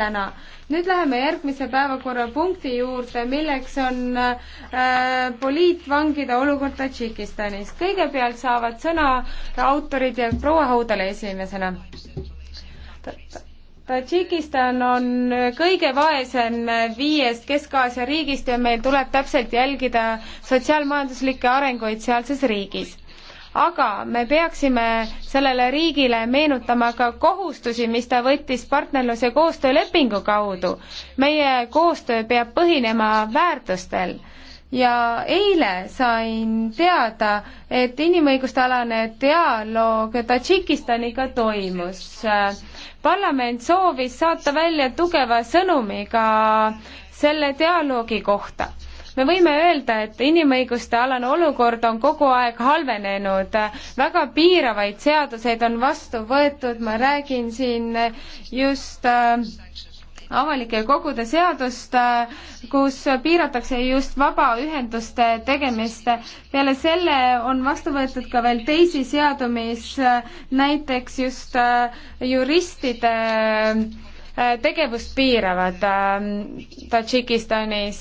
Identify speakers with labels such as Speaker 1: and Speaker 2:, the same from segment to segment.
Speaker 1: täna. nüüd läheme järgmise päevakorrapunkti juurde, milleks on äh, poliitvangide olukord Tadžikistanis. kõigepealt saavad sõna autorid ja proua Haudale esimesena. Tadžikistan on kõige vaesem viiest Kesk-Aasia riigist ja meil tuleb täpselt jälgida sotsiaalmajanduslikke arenguid sealses riigis aga me peaksime sellele riigile meenutama ka kohustusi, mis ta võttis partnerlus- ja koostöölepingu kaudu. meie koostöö peab põhinema väärtustel ja eile sain teada, et inimõiguste alane dialoog Tadžikistaniga toimus. parlament soovis saata välja tugeva sõnumi ka selle dialoogi kohta me võime öelda, et inimõiguste alane olukord on kogu aeg halvenenud, väga piiravaid seaduseid on vastu võetud, ma räägin siin just äh, avalike kogude seadust, äh, kus piiratakse just vabaühenduste tegemist. peale selle on vastu võetud ka veel teisi seadu, mis äh, näiteks just juristide tegevust piiravad Tadžikistanis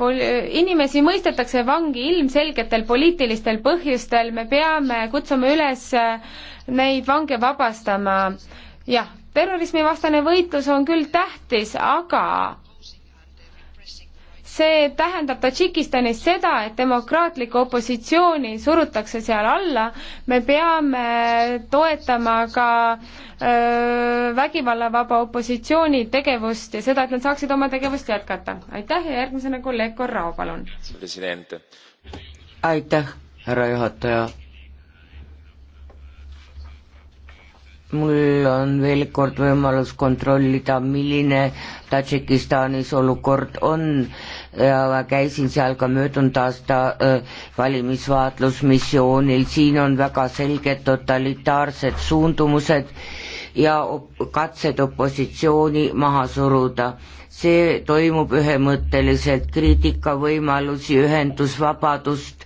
Speaker 1: pol-, inimesi mõistetakse vangi ilmselgetel poliitilistel põhjustel, me peame kutsuma üles äh, neid vange vabastama. jah, terrorismivastane võitlus on küll tähtis, aga see tähendab Tadžikistanis seda, et demokraatlikku opositsiooni surutakse seal alla, me peame toetama ka öö, vägivallavaba opositsiooni tegevust ja seda, et nad saaksid oma tegevust jätkata. aitäh ja järgmisena kolleeg Korrao, palun.
Speaker 2: aitäh, härra juhataja.
Speaker 3: mul on veel kord võimalus kontrollida, milline Tadžikistanis olukord on käisin seal ka möödunud aasta valimisvaatlusmissioonil, siin on väga selged totalitaarsed suundumused ja katsed opositsiooni maha suruda. see toimub ühemõtteliselt, kriitikavõimalusi, ühendusvabadust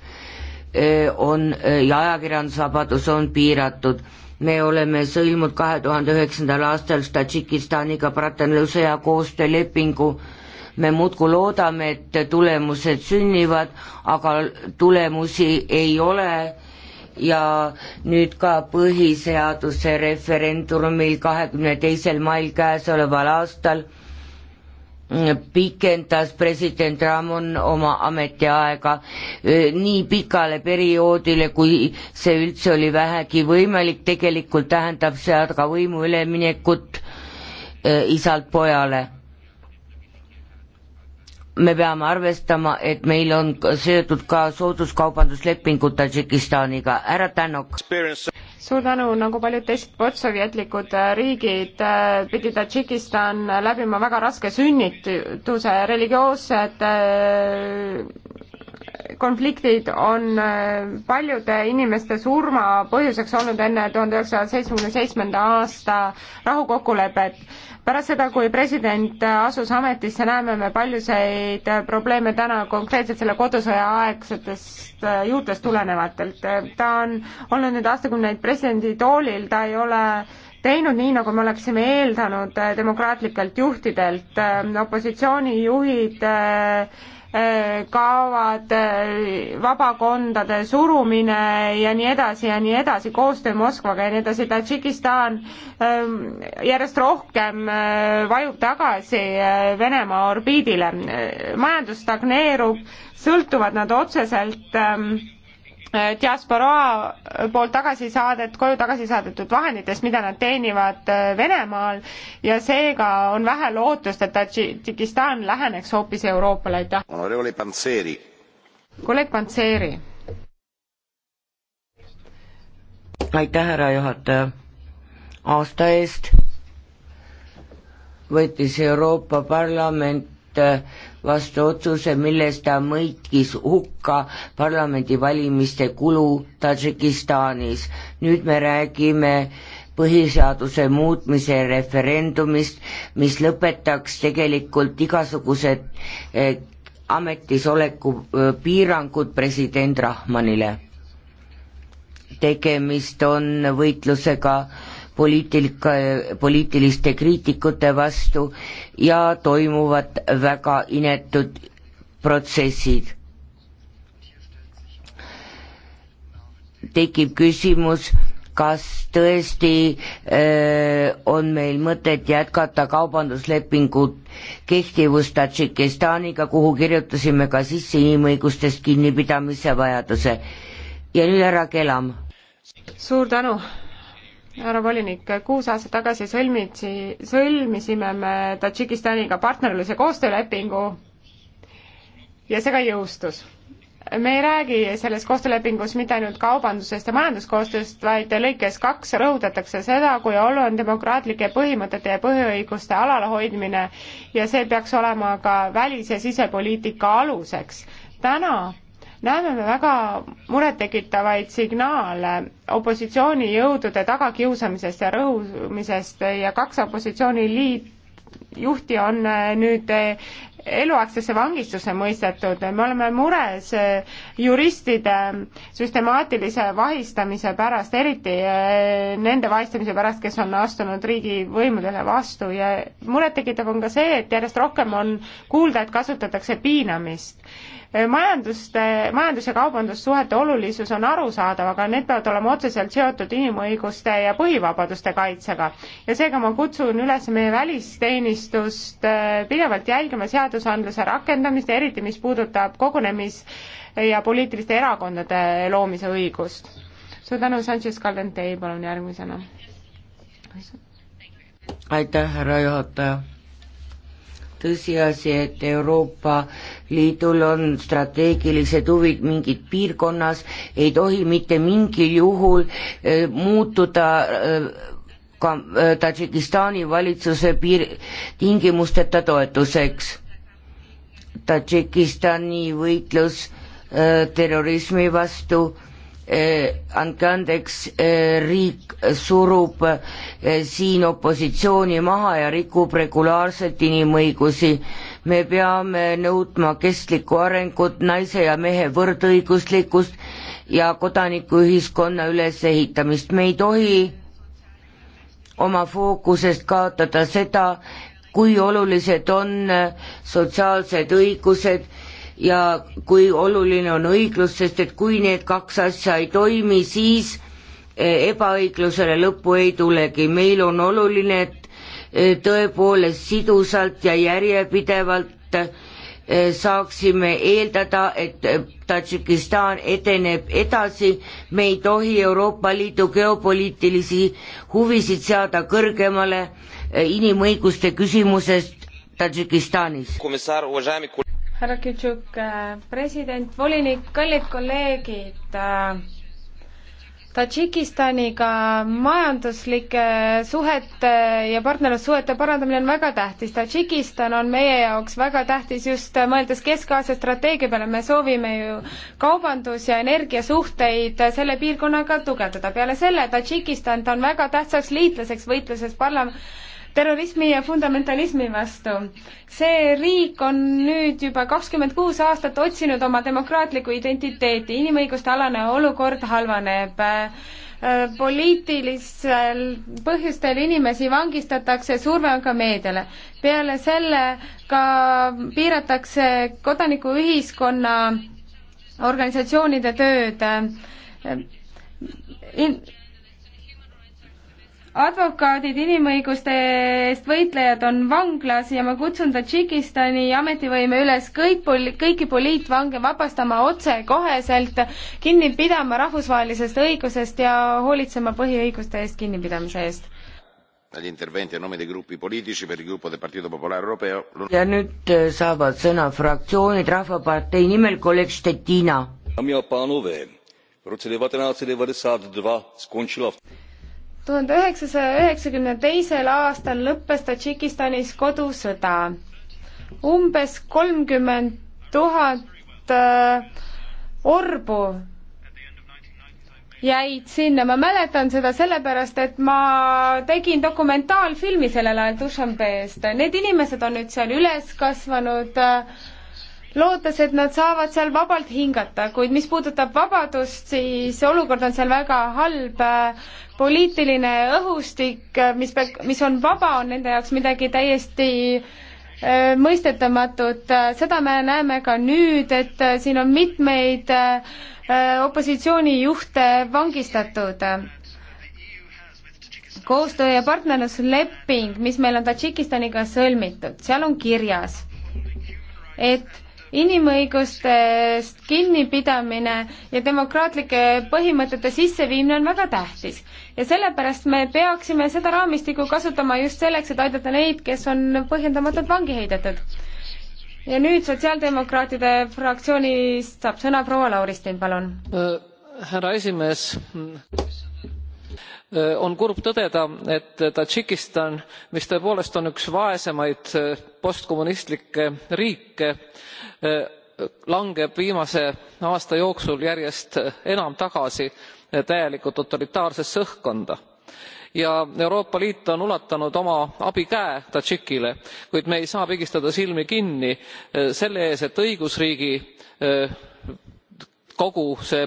Speaker 3: on ja ajakirjandusvabadus on piiratud. me oleme sõlmunud kahe tuhande üheksandal aastal Tadžikistaniga partnerluse ja koostöölepingu, me muudkui loodame, et tulemused sünnivad, aga tulemusi ei ole ja nüüd ka põhiseaduse referendumil kahekümne teisel mail käesoleval aastal pikendas president Ramon oma ametiaega e, nii pikale perioodile, kui see üldse oli vähegi võimalik, tegelikult tähendab see aga võimu üleminekut e, isalt pojale me peame arvestama, et meil on seotud ka sooduskaubanduslepingud Tadžikistaniga, härra Tänok.
Speaker 1: suur tänu, nagu paljud teised postsovjetlikud äh, riigid äh, pidi Tadžikistan läbima väga raske sünnituse, religioossed äh, konfliktid on äh, paljude inimeste surma põhjuseks olnud enne tuhande üheksasaja seitsmekümne seitsmenda aasta rahukokkulepet. pärast seda, kui president asus ametisse, näeme me paljusid probleeme täna konkreetselt selle kodusõja aegsetest äh, juurtest tulenevatelt. ta on olnud nüüd aastakümneid presidendi toolil, ta ei ole teinud nii, nagu me oleksime eeldanud äh, demokraatlikelt juhtidelt, opositsioonijuhid äh, Äh, kavad, äh, vabakondade surumine ja nii edasi ja nii edasi, koostöö Moskvaga ja nii edasi, Tadžikistan ähm, järjest rohkem äh, vajub tagasi Venemaa orbiidile. majandus stagneerub, sõltuvad nad otseselt ähm, diasporaa poolt tagasi saadet, koju tagasi saadetud vahenditest, mida nad teenivad äh, Venemaal ja seega on vähe lootust, et Tadžikistan läheneks hoopis Euroopale, aitäh. kolleeg Pantseri.
Speaker 2: aitäh,
Speaker 3: härra juhataja. aasta eest võttis Euroopa Parlament Äh, vastu otsuse, milles ta mõitkis hukka parlamendivalimiste kulu Tadžikistanis. nüüd me räägime põhiseaduse muutmise referendumist, mis lõpetaks tegelikult igasugused äh, ametisoleku äh, piirangud president Rahmanile. tegemist on võitlusega poliitika, poliitiliste kriitikute vastu ja toimuvad väga inetud protsessid. tekib küsimus, kas tõesti öö, äh, on meil mõtet jätkata kaubanduslepingut kehtivust Tadžikistaniga, kuhu kirjutasime ka sisse inimõigustest kinnipidamise vajaduse. ja nüüd härra Kelam. suur tänu
Speaker 1: härra volinik, kuus aastat tagasi sõlmitsi, sõlmisime me Tadžikistaniga partnerluse koostöölepingu ja see ka jõustus. me ei räägi selles koostöölepingus mitte ainult kaubandusest ja majanduskoostööst, vaid lõikes kaks rõhutatakse seda, kui oluline on demokraatlike põhimõtete ja põhiõiguste alalhoidmine ja see peaks olema ka välis- ja sisepoliitika aluseks. täna näeme me väga murettekitavaid signaale opositsioonijõudude tagakiusamisest ja rõhumisest ja kaks opositsiooniliit, juhti on äh, nüüd äh, eluaegsesse vangistusse mõistetud, me oleme mures äh, juristide süstemaatilise vahistamise pärast, eriti nende vahistamise pärast, kes on astunud riigivõimudele vastu ja murettekitav on ka see, et järjest rohkem on kuulda, et kasutatakse piinamist majanduste, majandus- ja kaubandussuhete olulisus on arusaadav, aga need peavad olema otseselt seotud inimõiguste ja põhivabaduste kaitsega. ja seega ma kutsun üles meie välisteenistust äh, pidevalt jälgima seadusandluse rakendamist, eriti mis puudutab kogunemis- ja poliitiliste erakondade loomise õigust. suur tänu, Sanchez Caldentei, palun järgmisena.
Speaker 3: aitäh, härra juhataja tõsiasi, et Euroopa Liidul on strateegilised huvid mingid piirkonnas, ei tohi mitte mingil juhul eh, muutuda eh, ka eh, Tadžikistani valitsuse piir, tingimusteta toetuseks. Tadžikistani võitlus terrorismi vastu Eh, andke andeks, eh, riik surub eh, siin opositsiooni maha ja rikub regulaarselt inimõigusi. me peame nõudma kestlikku arengut, naise ja mehe võrdõiguslikkust ja kodanikuühiskonna ülesehitamist, me ei tohi oma fookusest kaotada seda, kui olulised on sotsiaalsed õigused ja kui oluline on õiglus, sest et kui need kaks asja ei toimi, siis e, ebaõiglusele lõppu ei tulegi, meil on oluline, et e, tõepoolest sidusalt ja järjepidevalt e, saaksime eeldada, et Tadžikistan edeneb edasi, me ei tohi Euroopa Liidu geopoliitilisi huvisid seada kõrgemale inimõiguste küsimusest Tadžikistanis
Speaker 1: härra Kütšuk, äh, president, volinik, kallid kolleegid äh, Tadžikistaniga majanduslike suhete ja partnerlussuhete parandamine on väga tähtis. Tadžikistan on meie jaoks väga tähtis just äh, mõeldes Kesk-Aasia strateegia peale. me soovime ju kaubandus- ja energiasuhteid selle piirkonnaga tugevdada. peale selle Tadžikistan, ta on väga tähtsaks liitlaseks võitluses parla-, terrorismi ja fundamentalismi vastu. see riik on nüüd juba kakskümmend kuus aastat otsinud oma demokraatlikku identiteeti, inimõiguste alane olukord halvaneb äh, poliitilistel põhjustel inimesi vangistatakse, surve on ka meediale. peale selle ka piiratakse kodanikuühiskonna organisatsioonide tööd äh, in-, advokaadid, inimõiguste eest võitlejad on vanglas ja ma kutsun Tadžikistani ametivõime üles kõik poli-, kõiki poliitvange vabastama otsekoheselt, kinni pidama rahvusvahelisest õigusest ja hoolitsema
Speaker 3: põhiõiguste eest kinnipidamise eest. ja nüüd äh, saavad sõna fraktsioonid Rahvapartei nimel kolleeg Stettina
Speaker 1: tuhande üheksasaja üheksakümne teisel aastal lõppes Tadžikistanis kodusõda. umbes kolmkümmend tuhat äh, orbu jäid sinna, ma mäletan seda sellepärast, et ma tegin dokumentaalfilmi sellel ajal Dušanbeest, need inimesed on nüüd seal üles kasvanud äh, lootes, et nad saavad seal vabalt hingata, kuid mis puudutab vabadust, siis olukord on seal väga halb, poliitiline õhustik, mis, mis on vaba, on nende jaoks midagi täiesti äh, mõistetamatut, seda me näeme ka nüüd, et äh, siin on mitmeid äh, opositsioonijuhte vangistatud. koostöö- ja partnerlusleping, mis meil on Tadžikistaniga sõlmitud, seal on kirjas, et inimõigustest kinnipidamine ja demokraatlike põhimõtete sisseviimine on väga tähtis. ja sellepärast me peaksime seda raamistikku kasutama just selleks, et aidata neid, kes on põhjendamatult vangi heidetud. ja nüüd Sotsiaaldemokraatide fraktsioonist saab sõna proua Lauristin, palun. Äh, härra esimees
Speaker 2: Äh, on kurb tõdeda et tadžikistan mis tõepoolest on üks vaesemaid äh, postkommunistlikke riike äh, langeb viimase aasta jooksul järjest enam tagasi täielikku totalitaarsesse õhkkonda ja euroopa liit on ulatanud oma abikäe tadžikile kuid me ei saa pigistada silmi kinni selle ees et õigusriigi kogu see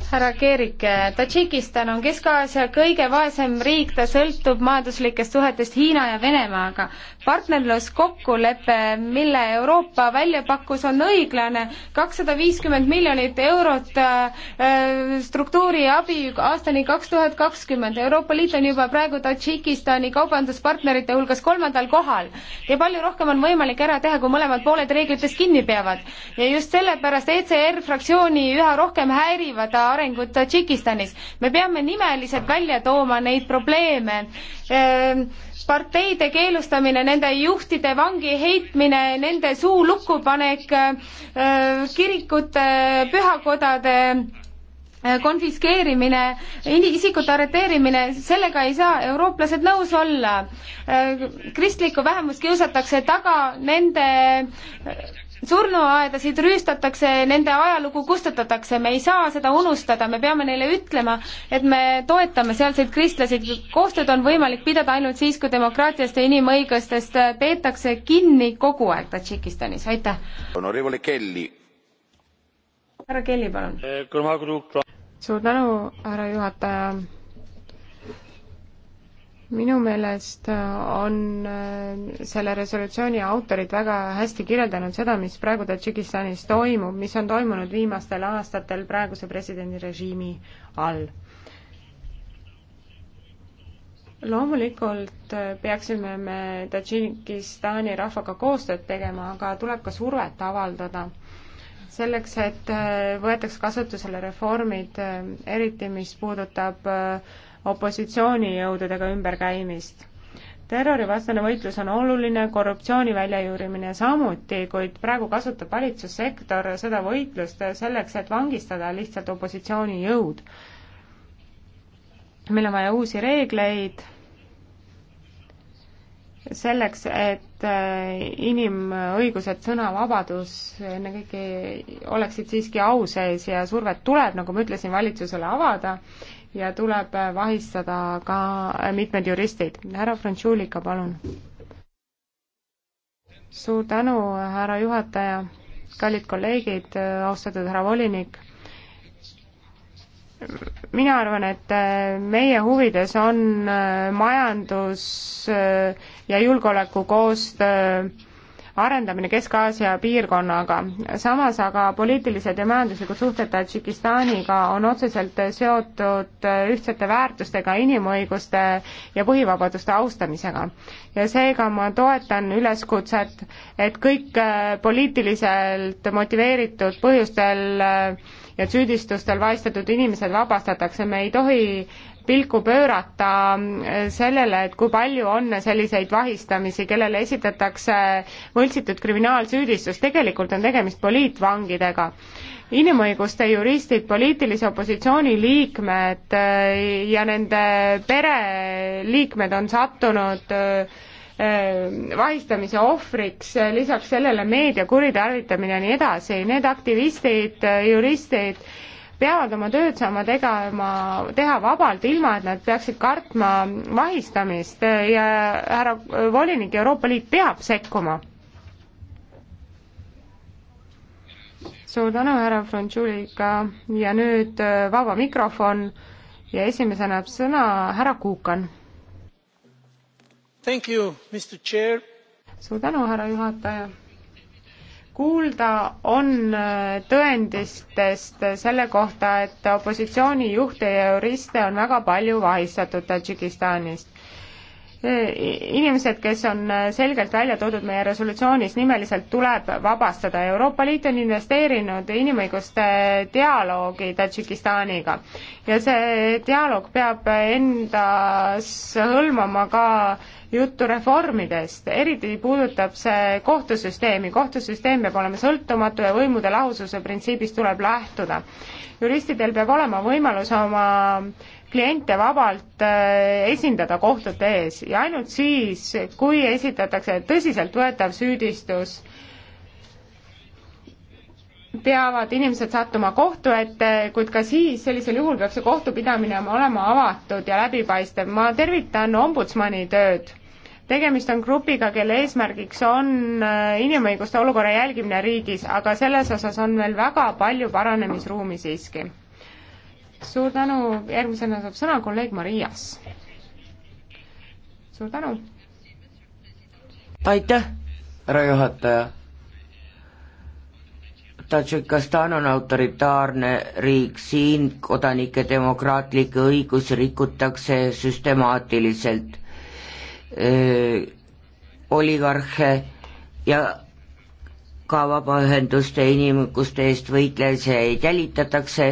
Speaker 1: härra Keerike, Tadžikistan on Kesk-Aasia kõige vaesem riik, ta sõltub majanduslikest suhetest Hiina ja Venemaaga. partnerluskokkulepe, mille Euroopa välja pakkus, on õiglane, kakssada viiskümmend miljonit eurot äh, struktuuriabi aastani kaks tuhat kakskümmend. Euroopa Liit on juba praegu Tadžikistani kaubanduspartnerite hulgas kolmandal kohal ja palju rohkem on võimalik ära teha, kui mõlemad pooled reeglitest kinni peavad. ja just sellepärast ECR fraktsiooni üha rohkem häirivad arengut Tadžikistanis. me peame nimeliselt välja tooma neid probleeme. Ehm, parteide keelustamine, nende juhtide vangi heitmine, nende suu lukku panek, ehm, kirikute, pühakodade ehm, konfiskeerimine, isikute arreteerimine, sellega ei saa eurooplased nõus olla. kristlikku vähemust kiusatakse taga, nende surnuaedasid rüüstatakse, nende ajalugu kustutatakse, me ei saa seda unustada, me peame neile ütlema, et me toetame sealseid kristlasi, koostööd on võimalik pidada ainult siis, kui demokraatiast ja inimõigustest peetakse kinni kogu aeg Tadžikistanis, aitäh! härra Kelly, palun!
Speaker 2: Eh,
Speaker 1: suur tänu, härra juhataja! minu meelest äh, on äh, selle resolutsiooni autorid väga hästi kirjeldanud seda, mis praegu Tadžikistanis toimub, mis on toimunud viimastel aastatel praeguse presidendirežiimi all. loomulikult äh, peaksime me Tadžikistani rahvaga koostööd tegema, aga tuleb ka survet avaldada selleks, et võetaks kasutusele reformid, eriti mis puudutab äh, opositsioonijõududega ümberkäimist. terrorivastane võitlus on oluline, korruptsiooni väljajuurimine samuti, kuid praegu kasutab valitsussektor seda võitlust selleks, et vangistada lihtsalt opositsioonijõud. meil on vaja uusi reegleid selleks, et äh, inimõigused, sõnavabadus ennekõike oleksid siiski au sees ja survet tuleb, nagu ma ütlesin, valitsusele avada ja tuleb vahistada ka mitmed juristid. härra Frantsuulika, palun. suur tänu, härra juhataja, kallid kolleegid, austatud härra volinik mina arvan, et meie huvides on majandus ja julgeolekukoostöö arendamine Kesk-Aasia piirkonnaga. samas aga poliitilised ja majanduslikud suhted Tadžikistaniga on otseselt seotud ühtsete väärtustega, inimõiguste ja põhivabaduste austamisega. ja seega ma toetan üleskutset, et kõik äh, poliitiliselt motiveeritud põhjustel äh, ja süüdistustel vahistatud inimesed vabastatakse, me ei tohi pilku pöörata äh, sellele, et kui palju on selliseid vahistamisi, kellele esitatakse võltsitud kriminaalsüüdistus, tegelikult on tegemist poliitvangidega. inimõiguste juristid, poliitilise opositsiooni liikmed äh, ja nende pereliikmed on sattunud äh, vahistamise ohvriks, lisaks sellele meedia kuritarvitamine ja nii edasi, need aktivistid, juristid, peavad oma tööd saama tegema, teha vabalt, ilma et nad peaksid kartma vahistamist ja härra volinik, Euroopa Liit peab sekkuma. suur tänu, härra Frantsulika ja nüüd äh, vaba mikrofon ja esimesena sõna härra Kuukan. suur tänu, härra juhataja kuulda on äh, tõendistest selle kohta, et opositsiooni juhte ja juriste on väga palju vahistatud Tadžikistanist. Äh, inimesed, kes on äh, selgelt välja toodud meie resolutsioonis, nimeliselt tuleb vabastada. Euroopa Liit on investeerinud inimõiguste dialoogi Tadžikistaniga ja see dialoog peab endas hõlmama ka juttu reformidest, eriti puudutab see kohtusüsteemi, kohtusüsteem peab olema sõltumatu ja võimude lahususe printsiibist tuleb lähtuda. juristidel peab olema võimalus oma kliente vabalt äh, esindada kohtute ees ja ainult siis, kui esitatakse tõsiseltvõetav süüdistus, peavad inimesed sattuma kohtu ette, kuid ka siis, sellisel juhul peab see kohtupidamine olema avatud ja läbipaistev. ma tervitan ombudsmani tööd tegemist on grupiga, kelle eesmärgiks on äh, inimõiguste olukorra jälgimine riigis, aga selles osas on veel väga palju paranemisruumi siiski. suur tänu, järgmisena saab sõna kolleeg Marias. suur tänu.
Speaker 3: aitäh, härra juhataja. Tadžikastan on autoritaarne riik, siin kodanike demokraatlikke õigusi rikutakse süstemaatiliselt Äh, oligarhe ja ka vabaühenduste inimõiguste eest võitlejaid jälitatakse,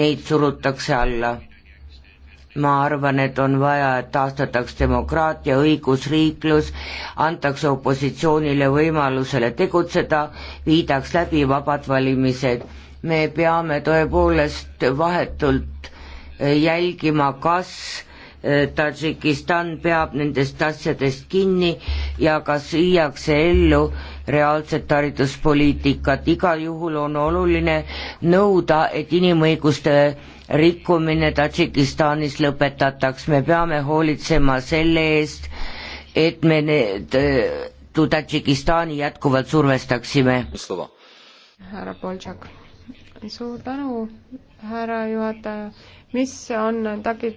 Speaker 3: neid surutakse alla. ma arvan, et on vaja, et taastataks demokraatia, õigusriiklus, antakse opositsioonile võimalusele tegutseda, viidaks läbi vabad valimised. me peame tõepoolest vahetult jälgima, kas Äh, Tadžikistan peab nendest asjadest kinni ja kas viiakse ellu reaalset hariduspoliitikat, igal juhul on oluline nõuda, et inimõiguste rikkumine Tadžikistanis lõpetataks, me peame hoolitsema selle eest, et me need äh, Tadžikistani jätkuvalt survestaksime.
Speaker 1: härra Boltšak, suur tänu, härra juhataja mis on Tagi-,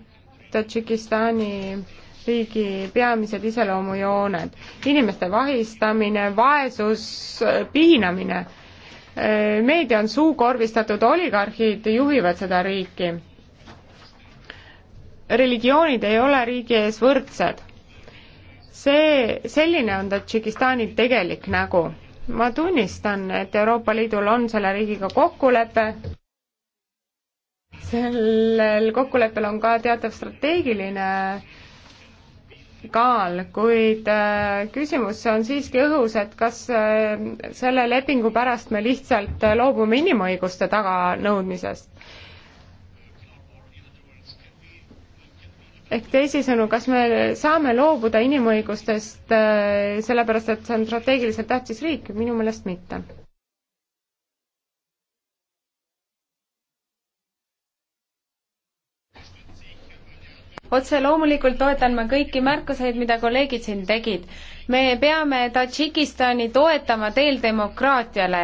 Speaker 1: Tadžikistani riigi peamised iseloomujooned. inimeste vahistamine, vaesus, piinamine. Äh, meedia on suukorvistatud, oligarhid juhivad seda riiki. religioonid ei ole riigi ees võrdsed. see, selline on Tadžikistani tegelik nägu. ma tunnistan, et Euroopa Liidul on selle riigiga kokkulepe, sellel kokkuleppel on ka teatav strateegiline kaal, kuid äh, küsimus on siiski õhus, et kas äh, selle lepingu pärast me lihtsalt loobume inimõiguste taganõudmisest? ehk teisisõnu, kas me saame loobuda inimõigustest äh, sellepärast, et see on strateegiliselt tähtis riik, minu meelest mitte otse loomulikult toetan ma kõiki märkuseid, mida kolleegid siin tegid. me peame Tadžikistani toetama teel demokraatiale.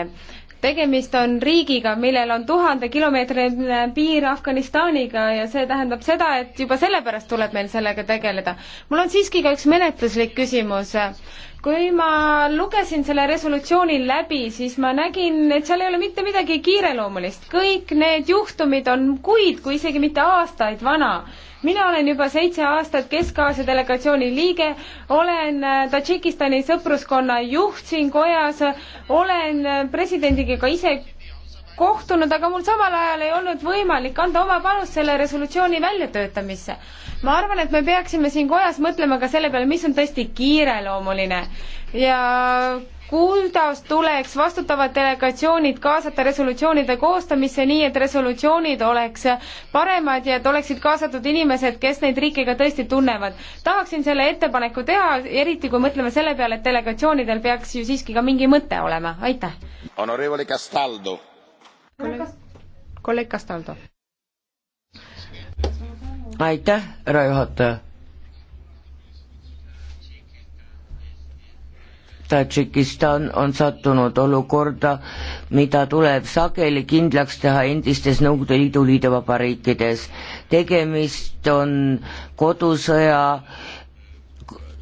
Speaker 1: tegemist on riigiga, millel on tuhandekilomeetrine piir Afganistaniga ja see tähendab seda, et juba sellepärast tuleb meil sellega tegeleda. mul on siiski ka üks menetluslik küsimus kui ma lugesin selle resolutsiooni läbi, siis ma nägin, et seal ei ole mitte midagi kiireloomulist. kõik need juhtumid on kuid, kui isegi mitte aastaid vana. mina olen juba seitse aastat Kesk-Aasia delegatsiooni liige, olen äh, Tadžikistani sõpruskonna juht siin kojas, olen äh, presidendiga ka ise kohtunud, aga mul samal ajal ei olnud võimalik anda oma panust selle resolutsiooni väljatöötamisse. ma arvan, et me peaksime siin kojas mõtlema ka selle peale, mis on tõesti kiireloomuline ja kuidas tuleks vastutavad delegatsioonid kaasata resolutsioonide koostamisse, nii et resolutsioonid oleks paremad ja et oleksid kaasatud inimesed, kes neid riike ka tõesti tunnevad. tahaksin selle ettepaneku teha, eriti kui mõtleme selle peale, et delegatsioonidel peaks ju siiski ka mingi mõte olema, aitäh.
Speaker 2: Honorevole Castaldo
Speaker 3: kolleeg Castaldo. aitäh, härra juhataja. Tadžikistan on sattunud olukorda, mida tuleb sageli kindlaks teha endistes Nõukogude Liidu liiduvabariikides. tegemist on kodusõja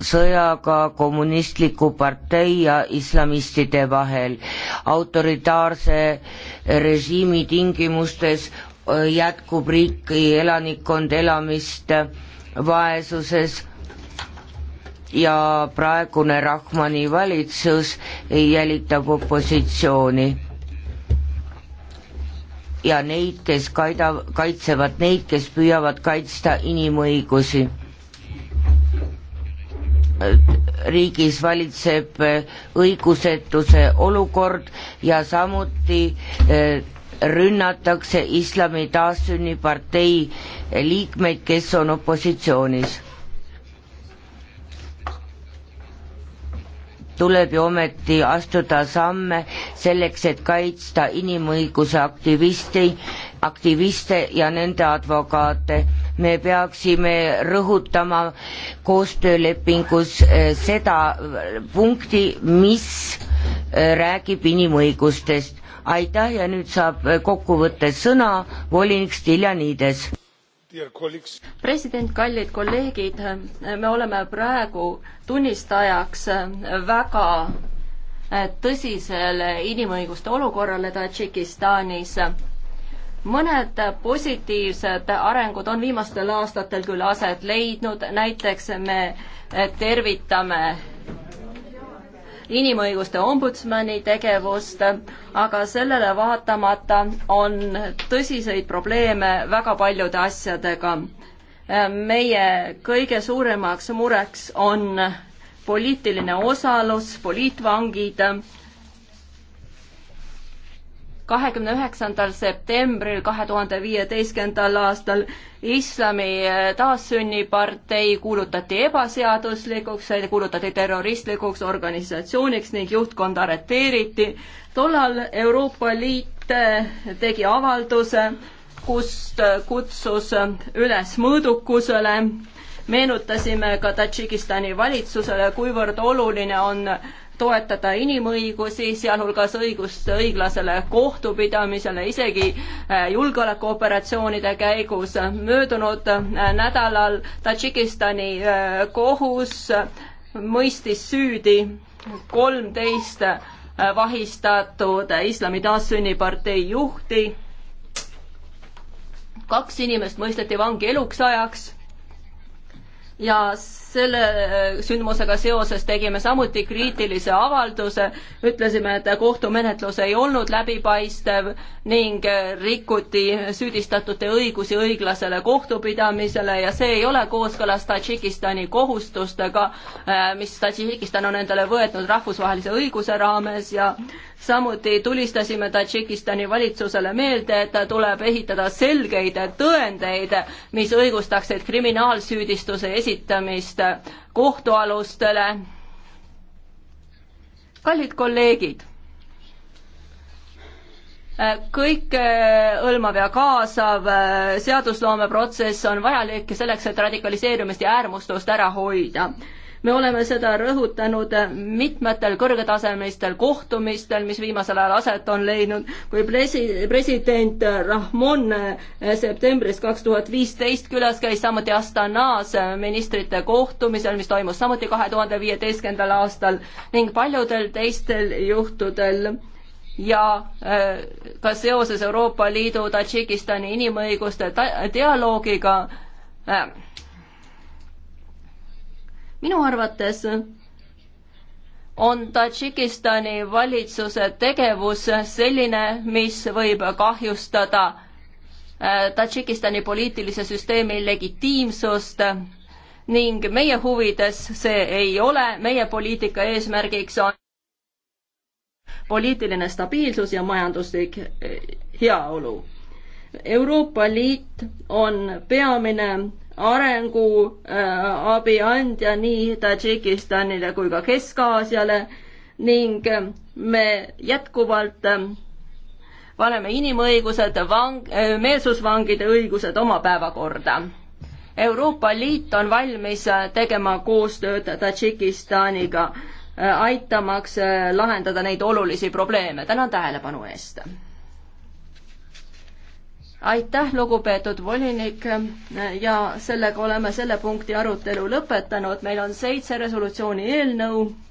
Speaker 3: sõjaga kommunistliku partei ja islamistide vahel. autoritaarse režiimi tingimustes jätkub riiki elanikkond elamist vaesuses ja praegune Rahmani valitsus jälitab opositsiooni. ja neid, kes kaida-, kaitsevad neid, kes püüavad kaitsta inimõigusi riigis valitseb äh, õigusetuse olukord ja samuti äh, rünnatakse islami taassünnipartei liikmeid, kes on opositsioonis. tuleb ju ometi astuda samme selleks, et kaitsta inimõiguse aktivisti, aktiviste ja nende advokaate me peaksime rõhutama koostöölepingus eh, seda punkti, mis eh, räägib inimõigustest. aitäh ja nüüd saab kokkuvõttes sõna volinik Stiljanides.
Speaker 4: president, kallid kolleegid, me oleme praegu tunnistajaks eh, väga tõsisele inimõiguste olukorrale Tadžikistanis mõned positiivsed arengud on viimastel aastatel küll aset leidnud, näiteks me tervitame inimõiguste ombudsmani tegevust, aga sellele vaatamata on tõsiseid probleeme väga paljude asjadega. meie kõige suuremaks mureks on poliitiline osalus, poliitvangid kahekümne üheksandal septembril kahe tuhande viieteistkümnendal aastal islami eh, taassünnipartei kuulutati ebaseaduslikuks, kuulutati terroristlikuks organisatsiooniks ning juhtkond arreteeriti. tollal Euroopa Liit eh, tegi avalduse, kust eh, kutsus üles mõõdukusele, meenutasime ka Tadžikistani valitsusele, kuivõrd oluline on toetada inimõigusi, sealhulgas õigust õiglasele kohtupidamisele, isegi äh, julgeolekuoperatsioonide käigus. möödunud äh, nädalal Tadžikistani äh, kohus mõistis süüdi kolmteist vahistatud Islami Taassünnipartei juhti. kaks inimest mõisteti vangi eluks ajaks ja selle äh, sündmusega seoses tegime samuti kriitilise avalduse, ütlesime, et kohtumenetlus ei olnud läbipaistev ning äh, rikuti süüdistatute õigusi õiglasele kohtupidamisele ja see ei ole kooskõlas Tadžikistani kohustustega, äh, mis Tadžikistan on endale võetud rahvusvahelise õiguse raames ja samuti tulistasime Tadžikistani valitsusele meelde, et tuleb ehitada selgeid tõendeid, mis õigustaksid kriminaalsüüdistuse esitamist kohtualustele. kallid kolleegid, kõik hõlmav ja kaasav seadusloomeprotsess on vajalik selleks, et radikaliseerumist ja äärmuslust ära hoida me oleme seda rõhutanud mitmetel kõrgetasemelistel kohtumistel, mis viimasel ajal aset on leidnud, kui presi-, president Rahmon septembris kaks tuhat viisteist külas käis samuti Astanas ministrite kohtumisel, mis toimus samuti kahe tuhande viieteistkümnendal aastal ning paljudel teistel juhtudel ja äh, ka seoses Euroopa Liidu Tadžikistani inimõiguste dialoogiga äh, minu arvates on Tadžikistani valitsuse tegevus selline, mis võib kahjustada äh, Tadžikistani poliitilise süsteemi legitiimsust ning meie huvides see ei ole, meie poliitika eesmärgiks on poliitiline stabiilsus ja majanduslik äh, heaolu. Euroopa Liit on peamine arenguabi äh, andja nii Tadžikistanile kui ka Kesk-Aasiale ning äh, me jätkuvalt äh, paneme inimõigused, vang-, meelsusvangide õigused oma päevakorda. Euroopa Liit on valmis tegema koostööd Tadžikistaniga, aitamaks lahendada neid olulisi probleeme. tänan tähelepanu eest! aitäh, lugupeetud volinik ja sellega oleme selle punkti arutelu lõpetanud, meil on seitse resolutsiooni eelnõu.